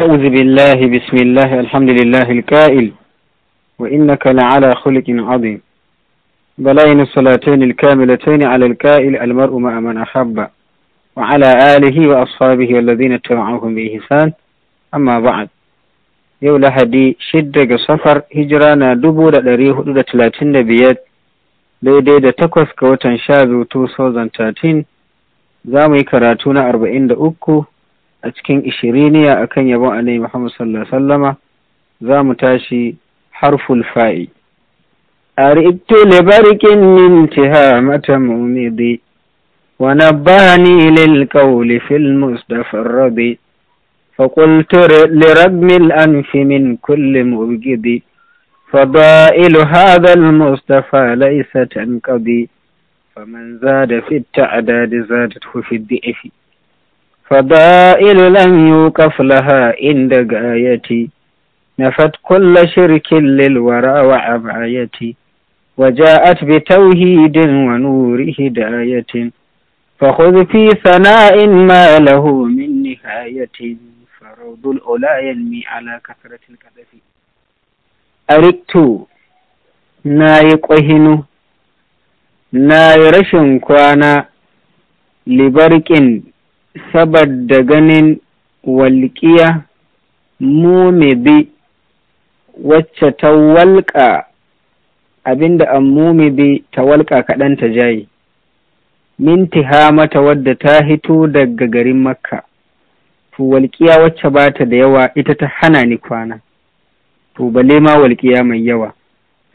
أعوذ بالله بسم الله الحمد لله الكائل وإنك لعلى خلق عظيم بلين الصلاتين الكاملتين على الكائل المرء مع من أحب وعلى آله وأصحابه والذين اتبعوهم بإحسان أما بعد yau lahadi shidda ga safar hijira na dubu da ɗari hudu da talatin da biyar daidai da takwas ga watan sha biyu 2013 za mu yi karatu na arba'in da uku أتكين cikin أكن يبو yabon محمد صلى الله عليه وسلم ذا متاشي حرف harful fa'i أردت لبرك من تهامة مومضي ونبهني للقول في المصطفى الرضي فقلت لردم الأنف من كل مبجدي فضائل هذا المصطفى ليس تنقضي فمن زاد في التعداد زادته في الضعف فضائل لم يوقف لها عند غايتي نفت كل شرك للورى وعبايتي وجاءت بتوحيد ونور هداية فخذ في ثناء ما له من نهاية فروض الأولى ينمي على كثرة الكذف أردت ناي قهن ناي رشن كوانا لبرك Sabar da ganin walƙiya mu bi wacce ta walƙa abinda an bi ta walƙa kaɗan ta jaye mintiha mata wadda ta hito daga garin makka to walƙiya wacce ba ta da yawa ita ta hana ni kwana to bale ma walƙiya mai yawa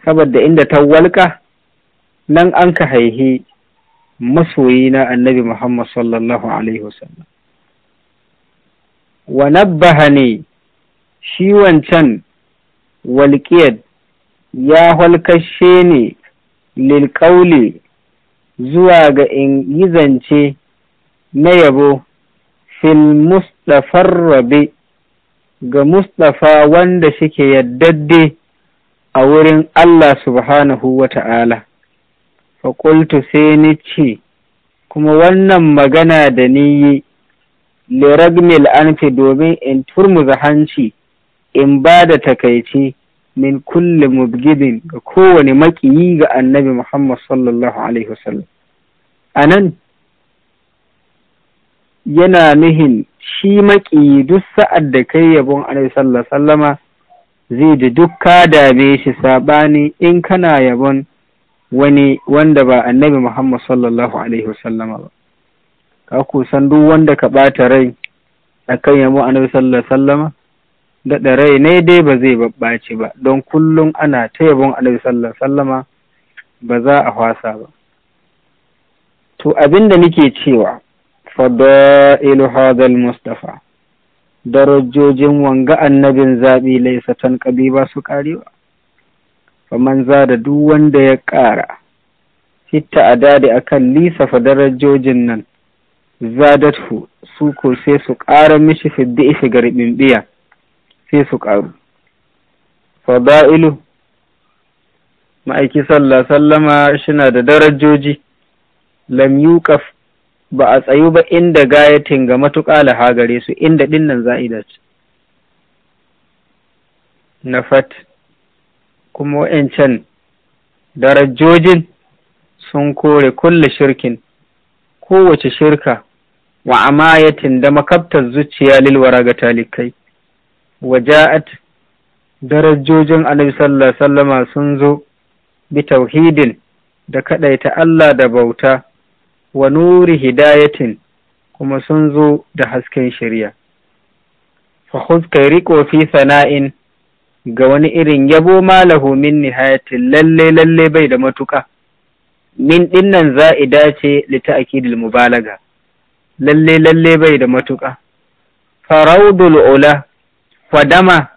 saboda inda ta walƙa nan an ka haihe masoyina annabi Muhammad sallallahu Alaihi wasallam. Wa nabbaha ne shi wancan walƙiyar ya halkashe ne lilƙauli zuwa ga in yi na yabo fil mustafar rabe ga Mustapha wanda shike yaddadde a wurin Allah subhanahu wa ta'ala. faƙultu sai ni ce kuma wannan magana da ni yi liragnil anfi domin in turmuza hanci in ba da takaici min kulle mubgidin ga kowane maƙiyi ga annabi Muhammad sallallahu Alaihi wasallam. A nan yana nuhin shi maƙiyi duk sa'ad da kai yabon Annabi sallallahu Alaihi wasallama zai ji duk ka dame shi saɓani in kana yabon wani wanda ba annabi Muhammad sallallahu alaihi wasallama ba ka ku san duk wanda ka ɓata rai akan yamo annabi sallallahu alaihi wasallama daɗa rai ne dai ba zai babbaci ba don kullum ana ta yabon annabi sallallahu alaihi wasallama ba za a hwasa ba to abinda nake cewa fadailu hadal mustafa darajojin wanga annabin zaɓi laisa tan ƙabi ba su ƙarewa manza da duk wanda ya ƙara hitta a dade a kan lisafa darajojin nan zadatu su ko sai su ƙara mishi fidda ishi garbin biya sai su ƙaru fada'ilu ma'aiki sallah sallama shina da darajoji lam yuqaf ba a tsayu ba inda gayatin ga matuƙa laha gare su inda dinnan za'ida ce na fat kuma wa'yancan darajojin sun kore kulle shirkin kowace shirka wa amayatin da makabtar zuciya lilwara ga talikai waja'at darajojin annabi sallallahu alaihi sallama sun zo bi tauhidin da kaɗaita Allah da bauta wa nuri hidayatin kuma sun zo da hasken shirya fa khudh kai riƙo fi sana'in ga wani irin yabo malahu min nihayatin lalle lalle bai da matuka min dinnan za'ida ce li ta'kidil mubalaga lalle lalle bai da matuka faraudul ula fadama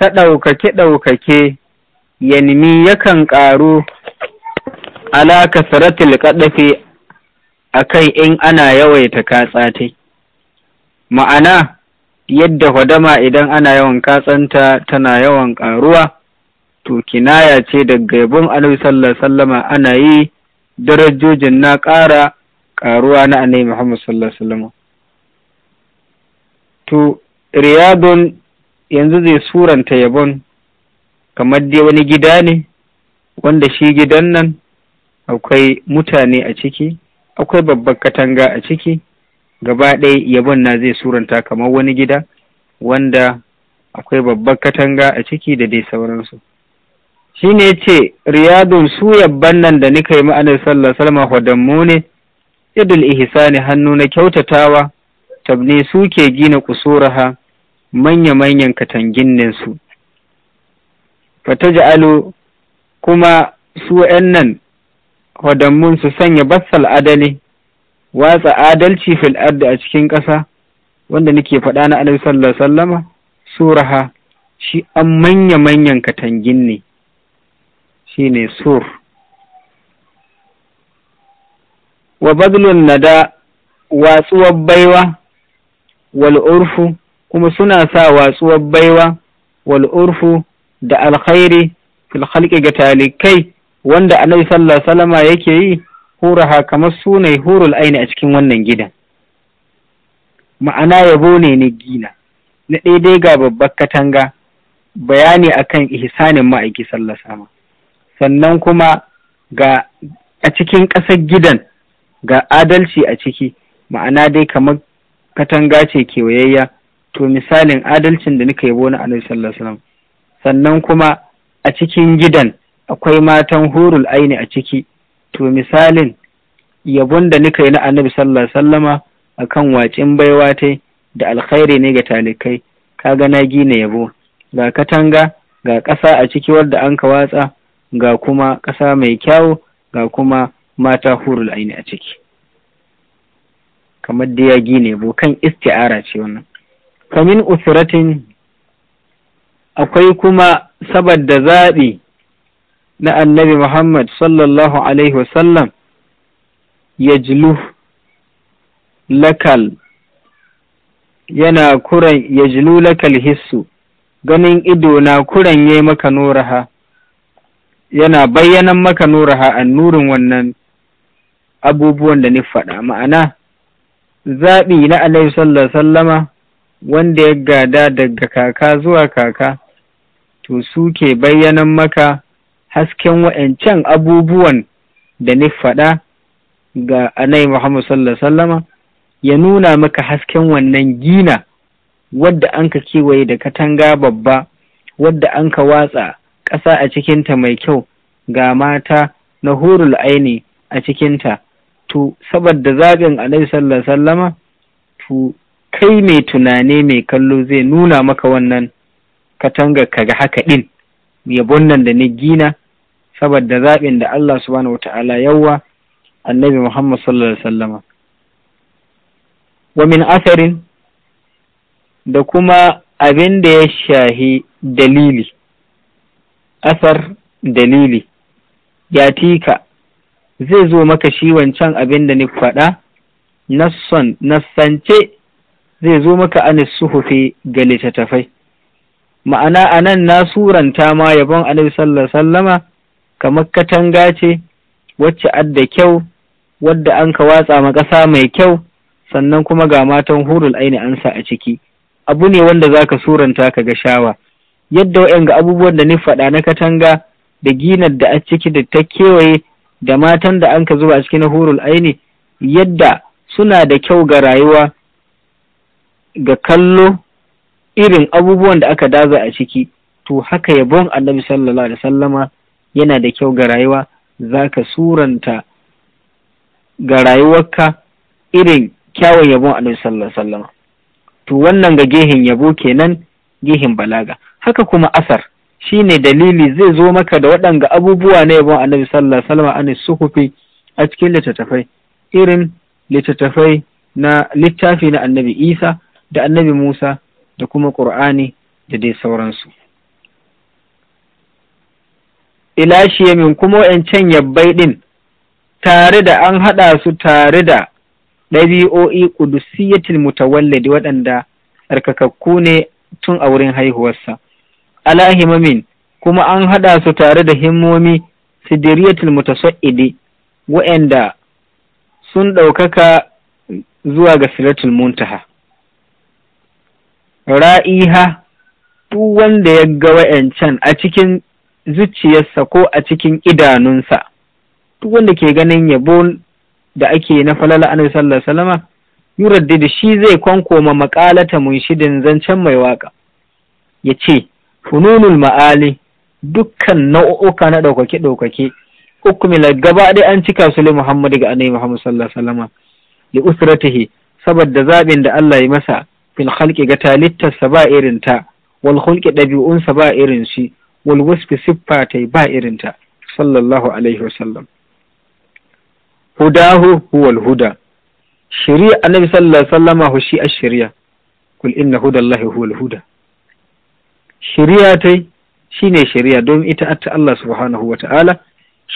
ta ɗaukake ɗaukake yanmi yakan ƙaru ala kasratil qadafi akai in ana yawaita katsate ma'ana yadda fadama idan ana yawan katsanta tana yawan ƙaruwa to kinaya ce daga yabon annabi sallallahu sallama ana yi darajojin na ƙara ƙaruwa na annabi muhammad sallallahu sallama to riyadun yanzu zai suranta yabon kamar dai wani gida ne wanda shi gidan nan akwai mutane a ciki akwai babbar katanga a ciki gaba ɗaya yabon na zai suranta kamar wani gida wanda akwai babbar katanga a ciki da dai sauransu shi ne ce riyadun su yabban nan da nika yi ma'anar sallar salma hwadammu ne idul ihsani hannu na kyautatawa tabne su ke gina kusuraha manya-manyan katangin su fata kuma su 'yan nan hwadammun su sanya bassal adali watsa adalci fil ardi a cikin ƙasa wanda nake faɗa na annabi sallallahu alaihi wasallama suraha shi an manya manyan katangin ne shine sur wa badlun nada watsuwar baiwa wal urfu kuma suna sa watsuwar baiwa wal urfu da alkhairi fil khalqi ga talikai wanda annabi sallallahu alaihi wasallama yake yi huraha kamar ne hurul aini a cikin wannan gidan ma'ana yabo ne na gina na daidai ga babbar katanga bayani akan ihsanin ma'aiki sallah sama sannan kuma ga a cikin ƙasar gidan ga adalci a ciki ma'ana dai kamar katanga ce kewayayya to misalin adalcin da nika yabo na annabi sallallahu alaihi sannan kuma a cikin gidan akwai matan hurul aini a ciki to misalin yabon da nika yi na annabi sallallahu sallama a kan wacin baiwa ta da alkhairi ne ga talikai kaga na gina yabo ga katanga ga ƙasa a ciki wadda an ka watsa ga kuma ƙasa mai kyau, ga kuma mata hurul aini a ciki kamar da ya gine yabo kan isti'ara ce wannan kamin usratin akwai kuma saboda zaɓi na annabi Muhammad sallallahu Alaihi wasallam ya jilu lakal yana kuran ya jilu lakal hissu ganin ido na kuran ya maka nuraha yana bayyanan maka nuraha an nurin wannan abubuwan da ni faɗa ma'ana zaɓi na alaihi sallallahu sallama wanda ya gada daga kaka zuwa kaka to suke bayyanan maka hasken wa'ancan abubuwan da ni faɗa ga anai Muhammad sallallahu sallama ya nuna maka hasken wannan gina wadda an ka kewaye da katanga babba wadda an ka watsa ƙasa a cikinta mai kyau ga mata na hurul aini a cikinta to saboda zagin anai sallallahu sallama to kai mai tunane mai kallo zai nuna maka wannan katanga kaga haka ɗin yabon nan da ni gina saboda zaɓin da Allah subhanahu ta'ala yawa annabi Muhammad sallallahu alaihi wasallam wa min asarin da kuma abin da ya shahi dalili asar dalili ya tika zai zo maka shi wancan abin da ni faɗa nasson nassance zai zo maka anis suhufi ga littattafai ma'ana anan na suranta ma yabon annabi sallallahu alaihi wasallama kamar katanga ce wacce adda kyau wadda an ka watsa ma ƙasa mai kyau sannan kuma ga matan hurul aini an sa a ciki abu ne wanda za ka suranta ka ga shawa yadda ga abubuwan da ni faɗa na katanga da ginar da a ciki da ta kewaye da matan da an ka zuba a ciki na hurul aini yadda suna da kyau ga rayuwa ga kallo irin abubuwan da aka daza a ciki to haka yabon annabi sallallahu alaihi sallama yana da kyau ga rayuwa za ka suranta ga rayuwarka irin kyawun yabon annabi to wannan ga gehin yabo kenan gehin balaga haka kuma asar shi ne dalili zai zo maka da waɗanga abubuwa na yabon annabi sallallahu alaihi wasallam an suhufi a cikin littattafai irin littattafai na littafi na annabi Isa da annabi Musa da kuma Qur'ani da dai sauransu ila kuma waɗancan yabbai ɗin tare da an haɗa su tare da ɗabi'o'i ƙudusiyatil mutawalladi waɗanda tsarkakakku ne tun a wurin haihuwarsa. Alahimamin kuma an haɗa su tare da himmomi sidiriyatil mutasaidi waɗanda sun ɗaukaka zuwa ga silatul muntaha. Ra'iha duk wanda ya ga wa'yancan a cikin zuciyarsa ko a cikin idanunsa duk wanda ke ganin yabo da ake na falala annabi sallallahu alaihi wasallama yuraddi da shi zai kwankoma makalata munshidin zancen mai waka ya ce fununul ma'ali dukkan nau'uka na ɗaukake ɗaukake hukumila gaba ɗaya an cika su muhammadu ga annabi muhammad sallallahu alaihi wasallama li saboda zaɓin da Allah ya masa fil khalqi ga talittarsa ba irin ta wal khulqi ɗabi'unsa ba irin shi wal wasfi siffa ta ba irinta sallallahu alaihi wasallam hudahu huwal huda shari'a annabi sallallahu alaihi wasallama hu shi ash-shari'a kul huwal huda shari'a tai shine shari'a don ita atta Allah subhanahu wa ta'ala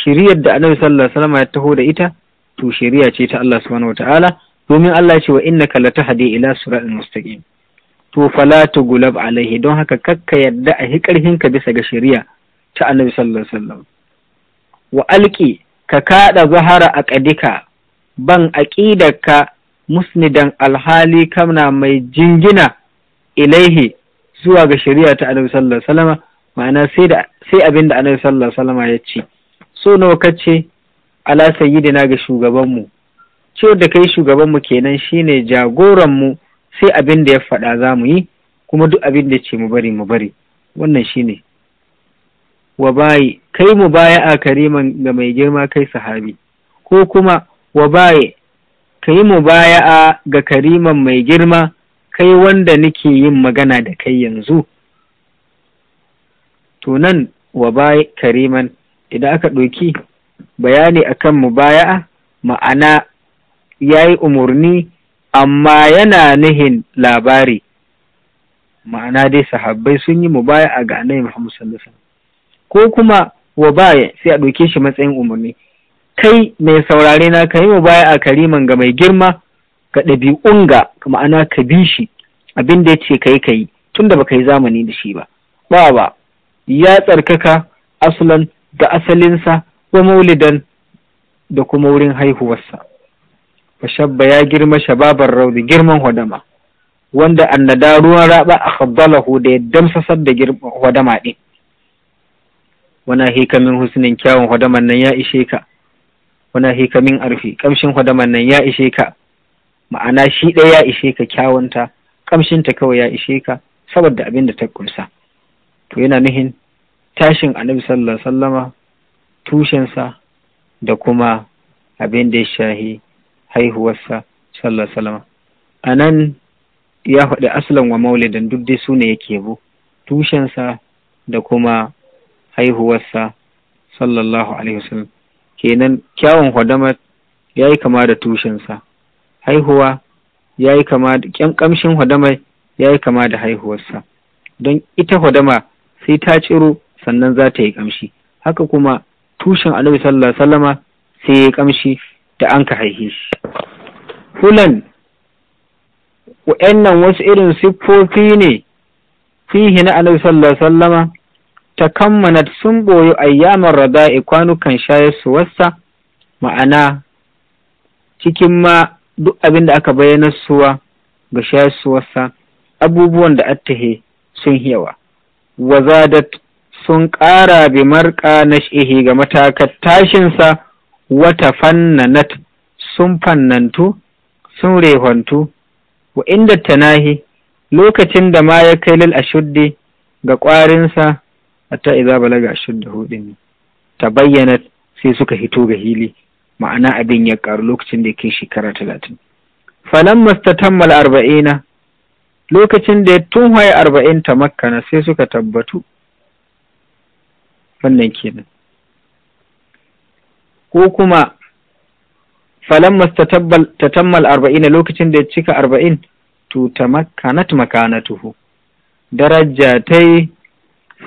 shari'ar da annabi sallallahu ya taho da ita to shari'a ce ta Allah subhanahu wa ta'ala domin Allah ya ce wa ta latahdi ila siratal mustaqim to fala gulab alaihi don haka kakka yadda a hi ka bisa ga shari'a ta annabi sallallahu alaihi wasallam wa alki ka kada zahara aqdika ban aqidarka musnidan alhali kamna mai jingina ilaihi zuwa ga shari'a ta annabi sallallahu alaihi wasallam ma'ana sai da sai abin da annabi sallallahu alaihi wasallam ya ce so nawa kace ala sayyidina ga mu ciwo da kai shugaban mu kenan shine jagoran mu sai abin da ya faɗa za mu yi kuma duk abin da ce mu bari mu bari wannan shi ne. wa bayi kai mu baya a kariman ga mai girma kai sahabi ko kuma wa bayi ka mu baya a ga kariman mai girma kai wanda nake yin magana da kai yanzu to nan wa bayi kariman idan aka ɗauki bayani akan mu mubaya'a ma'ana ya yi umarni amma yana nihin labari ma'ana dai sahabbai sun yi a ga annabi Muhammad sallallahu alaihi ko kuma wa baya sai a ɗauke shi matsayin umarni kai mai saurare na ka yi a kariman ga mai girma ga ɗabi'un ga ma'ana ka bi shi abin da ya ce kai kai tunda baka yi zamani da shi ba ba ba ya tsarkaka aslan da asalinsa wa maulidan da kuma wurin haihuwarsa fashabba ya girma shababar raudi girman hodama wanda annada ruwan raba a khaddalahu da ya damsasar da hodama ɗin wana hikamin husnin kyawun hodaman nan ya ishe ka wana hikamin arfi kamshin hodaman nan ya ishe ka ma'ana shi ɗaya ya ishe ka kyawunta kamshinta kawai ya ishe ka saboda abin da ta kumsa to yana nuhin tashin annabi sallallahu alaihi wasallama tushensa da kuma abin da ya shahi haihuwarsa sallallahu salama a nan ya faɗi aslan wa maulidan duk dai su ne yake bu tushensa da kuma haihuwarsa sallallahu alaihi wasallam kenan kyawun hodama ya yi kama da tushensa haihuwa ya yi kama da ƙyan ƙamshin hadamar ya yi kama da haihuwarsa don ita hadama sai ta ciro sannan za ta yi ƙamshi haka kuma tushen alaihi sallallahu alaihi wasallama sai ya yi ƙamshi da an ka haihe shi fulan wa’yan wasu irin siffofi ne fihi na Alayhi sallallahu alaihi sallama, ta kammana sun boyo ayyamar rada'i kwanukan shayar su wasa ma'ana cikin ma duk abin da aka bayyana suwa ga shayar su wasa abubuwan da attahe sun yawa wazadat sun ƙara bi marƙa na ga matakan tashinsa wata fannanat sun fannantu sun rehontu wa inda tanahi lokacin da ma ya kai lil ashuddi ga ƙwarinsa hatta idza balaga ashuddi hudin ta bayyana sai suka hito ga hili ma'ana abin ya karu lokacin da yake shekara talatin falan mastatammal arba'ina lokacin da ya tunhaye arba'in ta makkana sai suka tabbatu wannan kenan ko kuma ta tatammal arba'in lokacin da ya cika arba'in to makanat makanatuhu daraja tai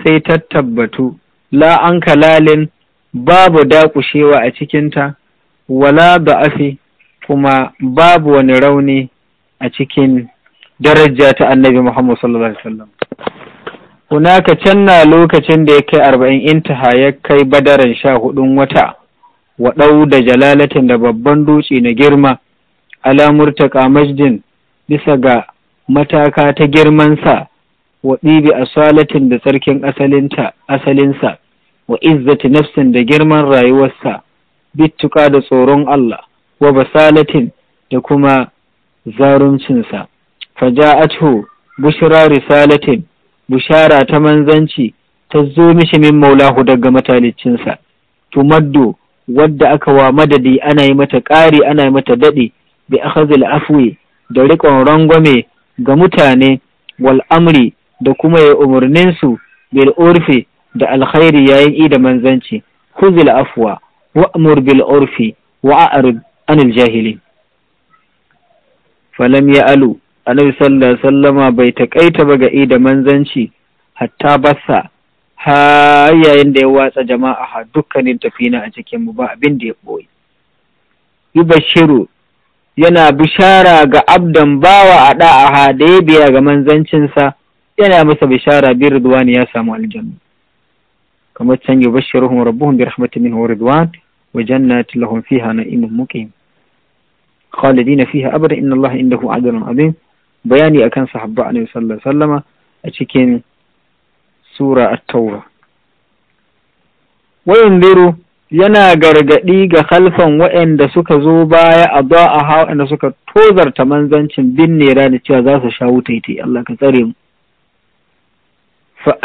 sai ta tabbatu la an kalalin babu dakushewa a cikinta wala ba'afi kuma babu wani rauni a cikin daraja ta annabi Muhammad sallallahu alaihi wasallam hunaka canna lokacin da ya kai arba'in intaha ya kai badaran sha hudun wata waɗau da jalalatin da babban dutse na girma alamurtaka masjin bisa ga mataka ta girmansa wa ɗibi asalatin da tsarkin asalinsa wa izzati nafsin da girman rayuwarsa bittuka da tsoron Allah wa basalatin da kuma zaruncinsa Faja'atu bushra risalatin bushara ta manzanci ta zo mishi min maulahu daga matalicinsa tumaddu wadda aka wa madadi ana yi mata ƙari ana yi mata daɗi bi akhazil afwi da riƙon rangwame ga mutane wal amri da kuma ya umarninsu bil urfi da alkhairi yayin ida manzanci khuzil afwa amur bil urfi wa a'rid anil jahilin falam ya alu annabi sallallahu alaihi sallama bai taƙaita ba ga ida manzanci hatta bassa har yayin da ya watsa jama'a ha dukkanin tafina a cikin mu ba abin da ya ɓoye. bashiru yana bishara ga abdan bawa a da'aha da ya biya ga manzancinsa yana masa bishara bi ridwan ya samu aljanna. Kamar can yubashiruhum rabbuhum bi rahmatin minhu ridwan wa jannati lahum fiha na'imun muqim. khalidina fiha abada inna Allah indahu adalun abin bayani akan sahabba a sallallahu alaihi a cikin Sura At-Tauba. Wayan yana gargaɗi ga halfan waɗanda suka zo baya a ba a waɗanda suka tozarta manzancin bin nera da cewa za su sha wutaitai Allah ka tsare mu.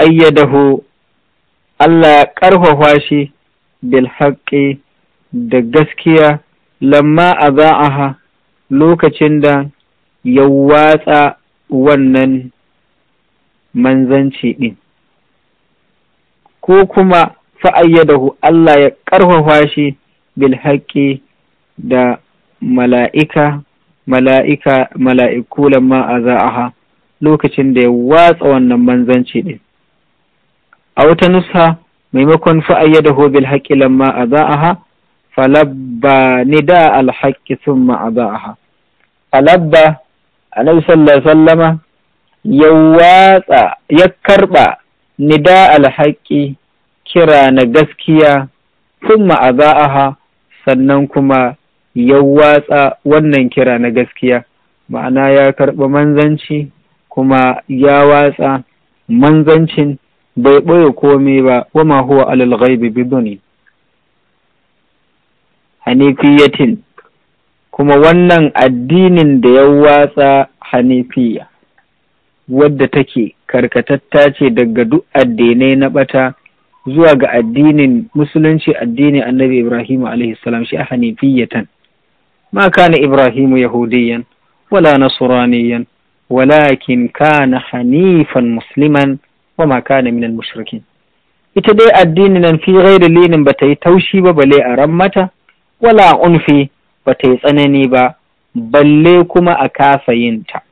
ayyadahu Allah ya ƙarfafa shi bil haƙƙi da gaskiya lamma a za'aha lokacin da ya watsa wannan manzanci ɗin. ko kuma fa'ayyadahu Allah ya ƙarfafa shi bilhaƙi da mala'ika mala'ika mala'iku lamma a za'aha lokacin da ya watsa wannan manzanci ɗin. A wata nusa maimakon fa'ayyadahu bilhaƙi haƙƙi lamma a za'aha falabba da alhaƙƙi sun ma a za'aha. Falabba, A sallama ya watsa ya karɓa nida alhaƙi kira na gaskiya kuma a sannan kuma ya watsa wannan kira na gaskiya ma'ana ya karɓi manzanci kuma ya watsa manzancin bai ɓoye komai ba wama huwa alal ghaibi biduni hanifiyatin kuma wannan addinin da ya watsa hanifiya wadda take karkatatta ce daga duk addinai na bata zuwa ga addinin musulunci addinin annabi ibrahim salam shi a hanifiyatan ma kana ibrahim yahudiyan wala nasraniyan walakin kana hanifan musliman wa ma kana minal mushrikin ita dai addinin nan fi ghairi linin ba ta yi taushi ba balle a ran mata wala unfi ba ta yi tsanani ba balle kuma a kasa yinta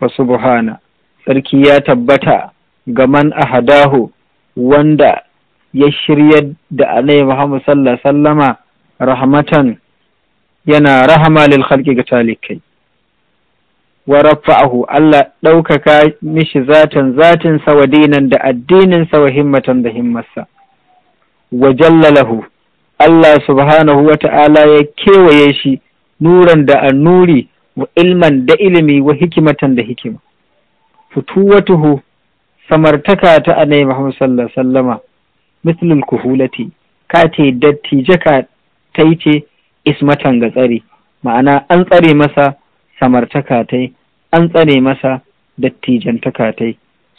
wa subhana sarki ya tabbata ga man ahadahu wanda ya shirya da annabi Muhammad sallallahu sallama rahmatan yana rahama lil khalqi ga talikai wa rafa'ahu Allah ɗaukaka mishi zatan zatin sa wa da addinin sa wa himmatan da himmarsa wa jallalahu Allah subhanahu wa ta'ala ya kewaye shi nuran da annuri wa ilman da ilimi wa hikimatan da hikima futuwatuhu samartaka ta anai Muhammad sallallahu sallama mislul kuhulati ka ce dattije ka ta yi ce ismatan ga tsare ma'ana an tsare masa samartaka ta an tsare masa dattijantaka ta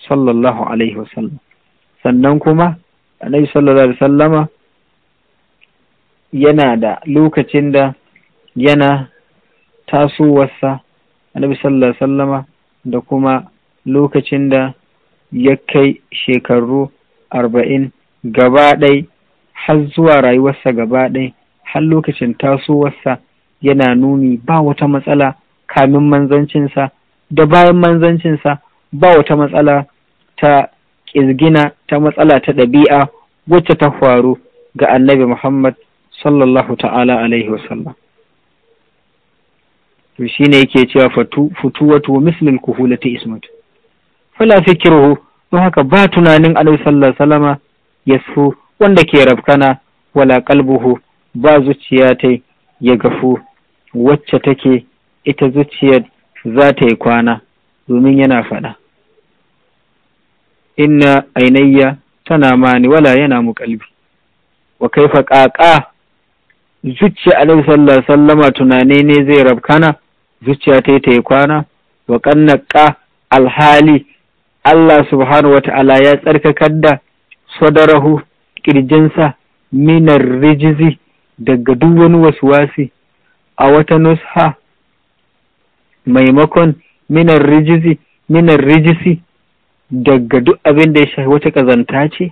sallallahu alaihi wasallam sannan kuma annabi sallallahu alaihi wasallama yana da lokacin da yana tasowarsa annabi sallallahu alaihi sallama da kuma lokacin da ya kai shekaru arba'in gaba ɗai har zuwa rayuwarsa gaba ɗai har lokacin tasowarsa yana nuni ba wata matsala kamin manzancinsa da bayan manzancinsa ba wata matsala ta ƙirgina, ta matsala ta ɗabi'a wacce ta faru ga annabi Muhammad sallallahu ta'ala alaihi wasallam. to ne yake cewa fatu futuwatu mislul kuhulati ismat fala fikruhu don haka ba tunanin alaihi sallallahu salama yasfu wanda ke rafkana wala kalbuhu ba zuciya ta ya gafu wacce take ita zuciyar za ta yi kwana domin yana faɗa inna ainayya tana mani wala yana mu kalbi wa kaifa qaqa zuciya alaihi sallallahu sallama tunane ne zai rabkana zuciya ta yi ta yi kwana wa kannaka alhali Allah subhanahu wa ta'ala ya tsarkakar da sadarahu ƙirjinsa minar rijizi daga duk wani wasi. a wata nusha maimakon minar rijizi minar rijisi daga duk abin da ya shafi wata ƙazanta ce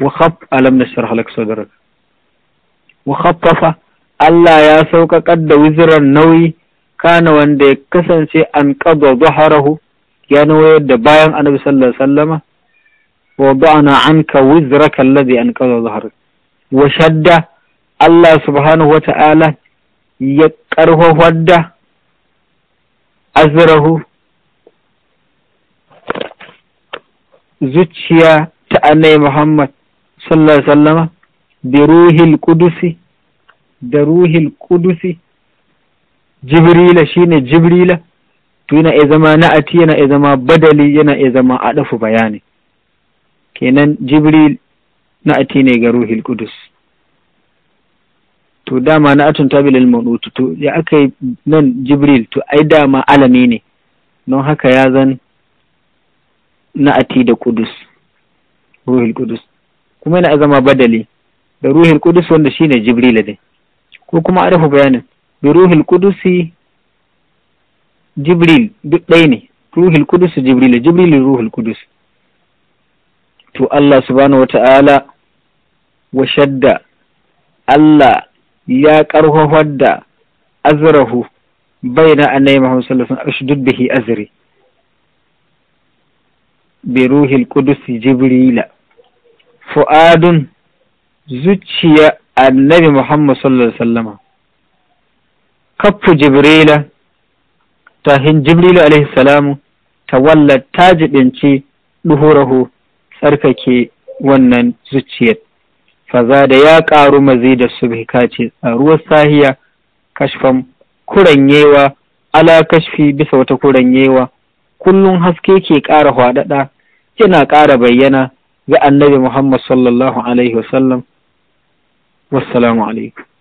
wa alam wa Allah ya sauƙaƙar da wuziran nauyi kana wanda ya kasance an qada zuharahu ya nawayar da bayan annabi sallallahu alaihi wasallama wa ba'ana anka wizraka alladhi an qada zuhar wa shadda Allah subhanahu wa ta'ala ya karhofar da azrahu zuciya ta annabi Muhammad sallallahu alaihi wasallama bi ruhil qudusi da ruhil qudusi jibrila shine jibrila to yana iya zama na'ati yana iya zama badali yana iya zama adafu bayani kenan jibril na'ati ne ga ruhil kudus to dama na'atun tabilil maudutu to ya aka yi nan jibril to ai dama alami ne don haka ya zan na'ati da kudus ruhil kudus kuma yana zama badali da ruhil kudus wanda shine jibril ne ko kuma adafu bayanin bi ruhil kudusi jibril duk ɗaya ne ruhil kudusi jibril jibril ruhil kudusi to Allah subhanahu wa ta'ala wa shadda Allah ya ƙarfafar da azrahu bayyana annabi Muhammad sallallahu alaihi wasallam ashdud bihi azri bi ruhil qudusi jibrila fu'adun zuciya annabi Muhammad sallallahu alaihi wasallama kaffu jibrila tahin jibrilu alaihi salamu ta walla ta jibinci duhurahu tsarkake wannan zuciyar faza da ya ƙaru mazi da subhi kace tsaruwar sahiya kashfan kuranyewa ala kashfi bisa wata kuranyewa kullum haske ke ƙara hwadada yana ƙara bayyana ga annabi Muhammad sallallahu alaihi wasallam wassalamu alaikum